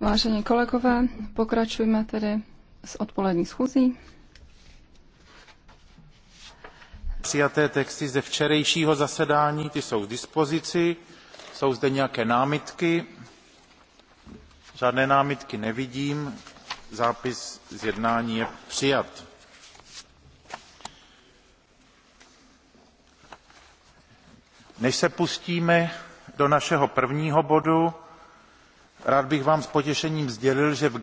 Vážení kolegové, pokračujeme tedy s odpolední schůzí. Přijaté texty ze včerejšího zasedání, ty jsou k dispozici. Jsou zde nějaké námitky? Žádné námitky nevidím. Zápis z jednání je přijat. Než se pustíme do našeho prvního bodu rád bych vám s potěšením sdělil že v